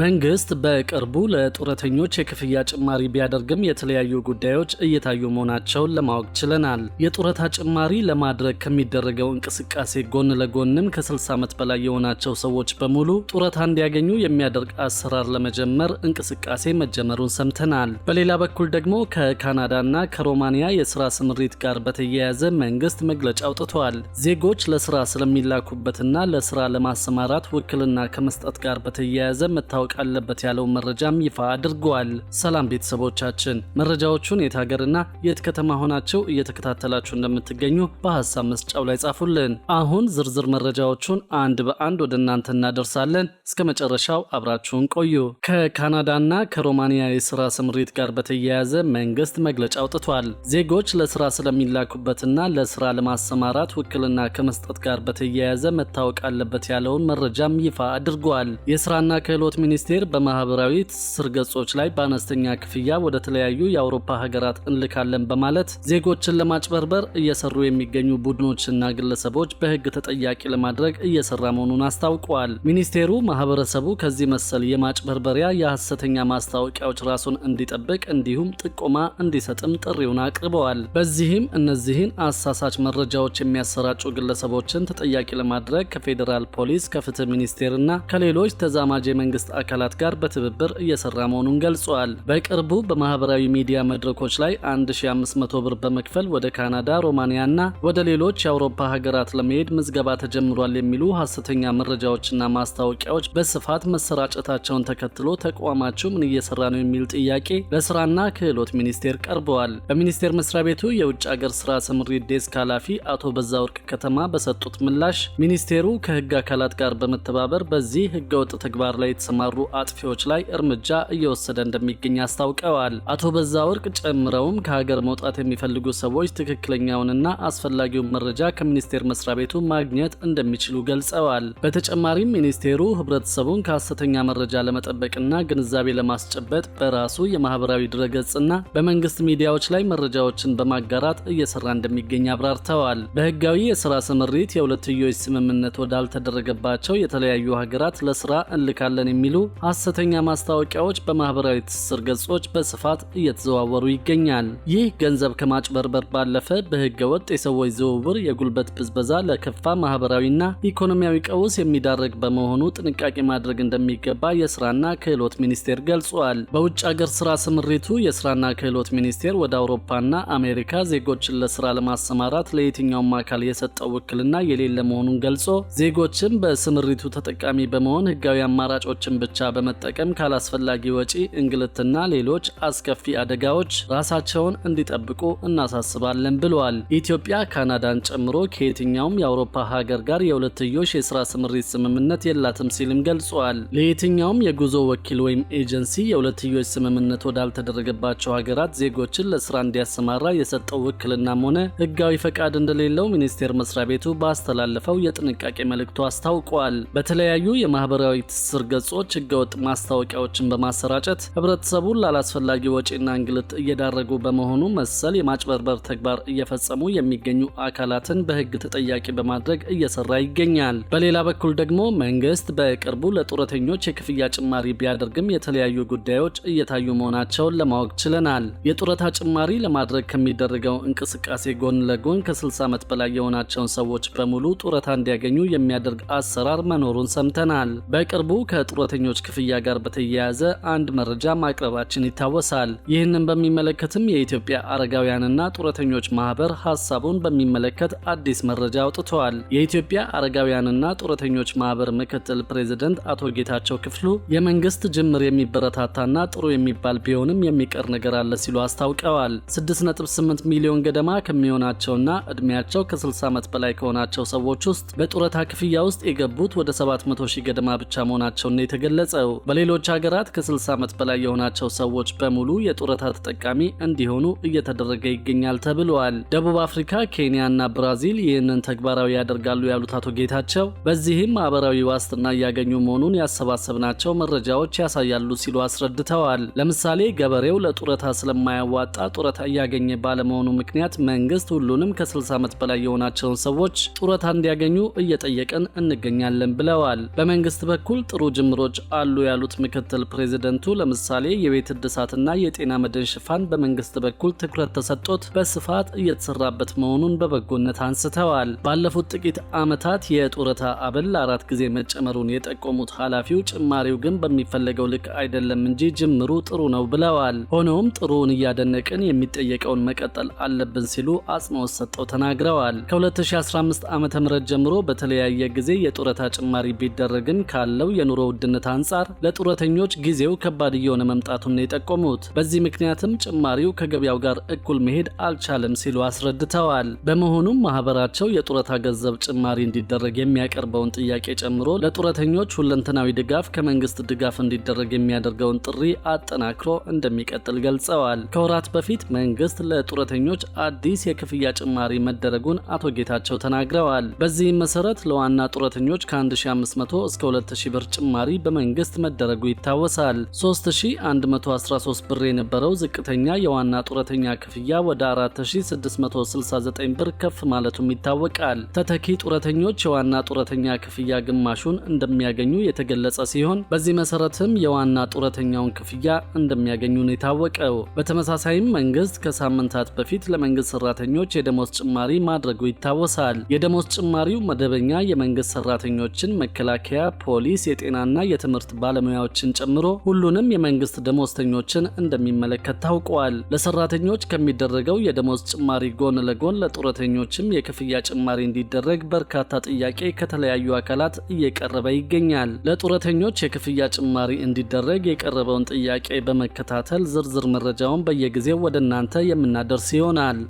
መንግስት በቅርቡ ለጡረተኞች የክፍያ ጭማሪ ቢያደርግም የተለያዩ ጉዳዮች እየታዩ መሆናቸውን ለማወቅ ችለናል። የጡረታ ጭማሪ ለማድረግ ከሚደረገው እንቅስቃሴ ጎን ለጎንም ከ60 ዓመት በላይ የሆናቸው ሰዎች በሙሉ ጡረታ እንዲያገኙ የሚያደርግ አሰራር ለመጀመር እንቅስቃሴ መጀመሩን ሰምተናል። በሌላ በኩል ደግሞ ከካናዳና ከሮማንያ የስራ ስምሪት ጋር በተያያዘ መንግስት መግለጫ አውጥቷል። ዜጎች ለስራ ስለሚላኩበትና ለስራ ለማሰማራት ውክልና ከመስጠት ጋር በተያያዘ መታወ መታወቅ አለበት ያለውን መረጃም ይፋ አድርገዋል። ሰላም ቤተሰቦቻችን፣ መረጃዎቹን የት ሀገርና የት ከተማ ሆናችሁ እየተከታተላችሁ እንደምትገኙ በሀሳብ መስጫው ላይ ጻፉልን። አሁን ዝርዝር መረጃዎቹን አንድ በአንድ ወደ እናንተ እናደርሳለን። እስከ መጨረሻው አብራችሁን ቆዩ። ከካናዳና ከሮማንያ የስራ ስምሪት ጋር በተያያዘ መንግስት መግለጫ አውጥቷል። ዜጎች ለስራ ስለሚላኩበትና ለስራ ለማሰማራት ውክልና ከመስጠት ጋር በተያያዘ መታወቅ አለበት ያለውን መረጃም ይፋ አድርጓል። የስራና ክህሎት ሚኒ ሚኒስቴር በማህበራዊ ትስስር ገጾች ላይ በአነስተኛ ክፍያ ወደ ተለያዩ የአውሮፓ ሀገራት እንልካለን በማለት ዜጎችን ለማጭበርበር እየሰሩ የሚገኙ ቡድኖችና ግለሰቦች በህግ ተጠያቂ ለማድረግ እየሰራ መሆኑን አስታውቀዋል። ሚኒስቴሩ ማህበረሰቡ ከዚህ መሰል የማጭበርበሪያ የሐሰተኛ ማስታወቂያዎች ራሱን እንዲጠብቅ እንዲሁም ጥቆማ እንዲሰጥም ጥሪውን አቅርበዋል። በዚህም እነዚህን አሳሳች መረጃዎች የሚያሰራጩ ግለሰቦችን ተጠያቂ ለማድረግ ከፌዴራል ፖሊስ፣ ከፍትህ ሚኒስቴርና ከሌሎች ተዛማጅ የመንግስት አካላት ጋር በትብብር እየሰራ መሆኑን ገልጿል። በቅርቡ በማህበራዊ ሚዲያ መድረኮች ላይ 1500 ብር በመክፈል ወደ ካናዳ፣ እና ወደ ሌሎች የአውሮፓ ሀገራት ለመሄድ ምዝገባ ተጀምሯል የሚሉ ሀሰተኛ መረጃዎችና ማስታወቂያዎች በስፋት መሰራጨታቸውን ተከትሎ ተቋማቸው ምን እየሰራ ነው የሚል ጥያቄ ለስራና ክህሎት ሚኒስቴር ቀርበዋል። በሚኒስቴር መስሪያ ቤቱ የውጭ ሀገር ስራ ስምሪት ዴስክ ኃላፊ አቶ በዛወርቅ ከተማ በሰጡት ምላሽ ሚኒስቴሩ ከህግ አካላት ጋር በመተባበር በዚህ ህገወጥ ተግባር ላይ የተሰማ በተሰማሩ አጥፊዎች ላይ እርምጃ እየወሰደ እንደሚገኝ አስታውቀዋል። አቶ ወርቅ ጨምረውም ከሀገር መውጣት የሚፈልጉ ሰዎች ትክክለኛውንና አስፈላጊውን መረጃ ከሚኒስቴር መስሪያ ቤቱ ማግኘት እንደሚችሉ ገልጸዋል። በተጨማሪም ሚኒስቴሩ ህብረተሰቡን ከሀሰተኛ መረጃ ለመጠበቅና ግንዛቤ ለማስጨበጥ በራሱ የማህበራዊ ድረገጽና በመንግስት ሚዲያዎች ላይ መረጃዎችን በማጋራት እየሰራ እንደሚገኝ አብራርተዋል። በህጋዊ የስራ ስምሪት የሁለትዮሽ ስምምነት ወዳልተደረገባቸው የተለያዩ ሀገራት ለስራ እንልካለን የሚሉ የሚሉ ሐሰተኛ ማስታወቂያዎች በማህበራዊ ትስስር ገጾች በስፋት እየተዘዋወሩ ይገኛል። ይህ ገንዘብ ከማጭበርበር ባለፈ በህገ ወጥ የሰዎች ዝውውር፣ የጉልበት ብዝበዛ ለከፋ ማህበራዊና ኢኮኖሚያዊ ቀውስ የሚዳርግ በመሆኑ ጥንቃቄ ማድረግ እንደሚገባ የስራና ክህሎት ሚኒስቴር ገልጿል። በውጭ አገር ስራ ስምሪቱ የስራና ክህሎት ሚኒስቴር ወደ አውሮፓና አሜሪካ ዜጎችን ለስራ ለማሰማራት ለየትኛውም አካል የሰጠው ውክልና የሌለ መሆኑን ገልጾ ዜጎችን በስምሪቱ ተጠቃሚ በመሆን ህጋዊ አማራጮችን ብቻ በመጠቀም ካላስፈላጊ ወጪ እንግልትና ሌሎች አስከፊ አደጋዎች ራሳቸውን እንዲጠብቁ እናሳስባለን ብለዋል። ኢትዮጵያ ካናዳን ጨምሮ ከየትኛውም የአውሮፓ ሀገር ጋር የሁለትዮሽ የስራ ስምሪት ስምምነት የላትም ሲልም ገልጿል። ለየትኛውም የጉዞ ወኪል ወይም ኤጀንሲ የሁለትዮሽ ስምምነት ወዳልተደረገባቸው ሀገራት ዜጎችን ለስራ እንዲያሰማራ የሰጠው ውክልናም ሆነ ህጋዊ ፈቃድ እንደሌለው ሚኒስቴር መስሪያ ቤቱ ባስተላለፈው የጥንቃቄ መልእክቱ አስታውቋል። በተለያዩ የማህበራዊ ትስስር ገጾች ህገወጥ ማስታወቂያዎችን በማሰራጨት ህብረተሰቡን ላላስፈላጊ ወጪና እንግልት እየዳረጉ በመሆኑ መሰል የማጭበርበር ተግባር እየፈጸሙ የሚገኙ አካላትን በህግ ተጠያቂ በማድረግ እየሰራ ይገኛል። በሌላ በኩል ደግሞ መንግስት በቅርቡ ለጡረተኞች የክፍያ ጭማሪ ቢያደርግም የተለያዩ ጉዳዮች እየታዩ መሆናቸውን ለማወቅ ችለናል። የጡረታ ጭማሪ ለማድረግ ከሚደረገው እንቅስቃሴ ጎን ለጎን ከ60 ዓመት በላይ የሆናቸውን ሰዎች በሙሉ ጡረታ እንዲያገኙ የሚያደርግ አሰራር መኖሩን ሰምተናል። በቅርቡ ከጡረተኞ ሰራተኞች ክፍያ ጋር በተያያዘ አንድ መረጃ ማቅረባችን ይታወሳል። ይህንን በሚመለከትም የኢትዮጵያ አረጋውያንና ጡረተኞች ማህበር ሀሳቡን በሚመለከት አዲስ መረጃ አውጥተዋል። የኢትዮጵያ አረጋውያንና ጡረተኞች ማህበር ምክትል ፕሬዚደንት አቶ ጌታቸው ክፍሉ የመንግስት ጅምር የሚበረታታና ጥሩ የሚባል ቢሆንም የሚቀር ነገር አለ ሲሉ አስታውቀዋል። 6.8 ሚሊዮን ገደማ ከሚሆናቸውና ዕድሜያቸው ከ60 ዓመት በላይ ከሆናቸው ሰዎች ውስጥ በጡረታ ክፍያ ውስጥ የገቡት ወደ 700 ሺህ ገደማ ብቻ መሆናቸው። ነው የተገለ የገለጸው። በሌሎች ሀገራት ከ60 ዓመት በላይ የሆናቸው ሰዎች በሙሉ የጡረታ ተጠቃሚ እንዲሆኑ እየተደረገ ይገኛል ተብሏል። ደቡብ አፍሪካ፣ ኬንያ እና ብራዚል ይህንን ተግባራዊ ያደርጋሉ ያሉት አቶ ጌታቸው በዚህም ማህበራዊ ዋስትና እያገኙ መሆኑን ያሰባሰብናቸው መረጃዎች ያሳያሉ ሲሉ አስረድተዋል። ለምሳሌ ገበሬው ለጡረታ ስለማያዋጣ ጡረታ እያገኘ ባለመሆኑ ምክንያት መንግስት ሁሉንም ከ60 ዓመት በላይ የሆናቸውን ሰዎች ጡረታ እንዲያገኙ እየጠየቀን እንገኛለን ብለዋል። በመንግስት በኩል ጥሩ ጅምሮች አሉ ያሉት ምክትል ፕሬዚደንቱ ለምሳሌ የቤት እድሳትና የጤና መድን ሽፋን በመንግስት በኩል ትኩረት ተሰጥቶት በስፋት እየተሰራበት መሆኑን በበጎነት አንስተዋል። ባለፉት ጥቂት ዓመታት የጡረታ አበል አራት ጊዜ መጨመሩን የጠቆሙት ኃላፊው ጭማሪው ግን በሚፈለገው ልክ አይደለም እንጂ ጅምሩ ጥሩ ነው ብለዋል። ሆኖም ጥሩውን እያደነቅን የሚጠየቀውን መቀጠል አለብን ሲሉ አጽንኦት ሰጠው ተናግረዋል። ከ2015 ዓ ም ጀምሮ በተለያየ ጊዜ የጡረታ ጭማሪ ቢደረግን ካለው የኑሮ ውድነት ሁኔታ አንጻር ለጡረተኞች ጊዜው ከባድ እየሆነ መምጣቱን የጠቆሙት በዚህ ምክንያትም ጭማሪው ከገበያው ጋር እኩል መሄድ አልቻለም ሲሉ አስረድተዋል። በመሆኑም ማህበራቸው የጡረታ ገንዘብ ጭማሪ እንዲደረግ የሚያቀርበውን ጥያቄ ጨምሮ ለጡረተኞች ሁለንተናዊ ድጋፍ ከመንግስት ድጋፍ እንዲደረግ የሚያደርገውን ጥሪ አጠናክሮ እንደሚቀጥል ገልጸዋል። ከወራት በፊት መንግስት ለጡረተኞች አዲስ የክፍያ ጭማሪ መደረጉን አቶ ጌታቸው ተናግረዋል። በዚህም መሰረት ለዋና ጡረተኞች ከ1500 እስከ 2000 ብር ጭማሪ በመንግስት መደረጉ ይታወሳል። 3113 ብር የነበረው ዝቅተኛ የዋና ጡረተኛ ክፍያ ወደ 4669 ብር ከፍ ማለቱም ይታወቃል። ተተኪ ጡረተኞች የዋና ጡረተኛ ክፍያ ግማሹን እንደሚያገኙ የተገለጸ ሲሆን በዚህ መሰረትም የዋና ጡረተኛውን ክፍያ እንደሚያገኙ ነው የታወቀው። በተመሳሳይም መንግስት ከሳምንታት በፊት ለመንግስት ሰራተኞች የደሞዝ ጭማሪ ማድረጉ ይታወሳል። የደሞዝ ጭማሪው መደበኛ የመንግስት ሰራተኞችን መከላከያ፣ ፖሊስ፣ የጤናና የተ የትምህርት ባለሙያዎችን ጨምሮ ሁሉንም የመንግስት ደሞዝተኞችን እንደሚመለከት ታውቀዋል። ለሰራተኞች ከሚደረገው የደሞዝ ጭማሪ ጎን ለጎን ለጡረተኞችም የክፍያ ጭማሪ እንዲደረግ በርካታ ጥያቄ ከተለያዩ አካላት እየቀረበ ይገኛል። ለጡረተኞች የክፍያ ጭማሪ እንዲደረግ የቀረበውን ጥያቄ በመከታተል ዝርዝር መረጃውን በየጊዜው ወደ እናንተ የምናደርስ ይሆናል።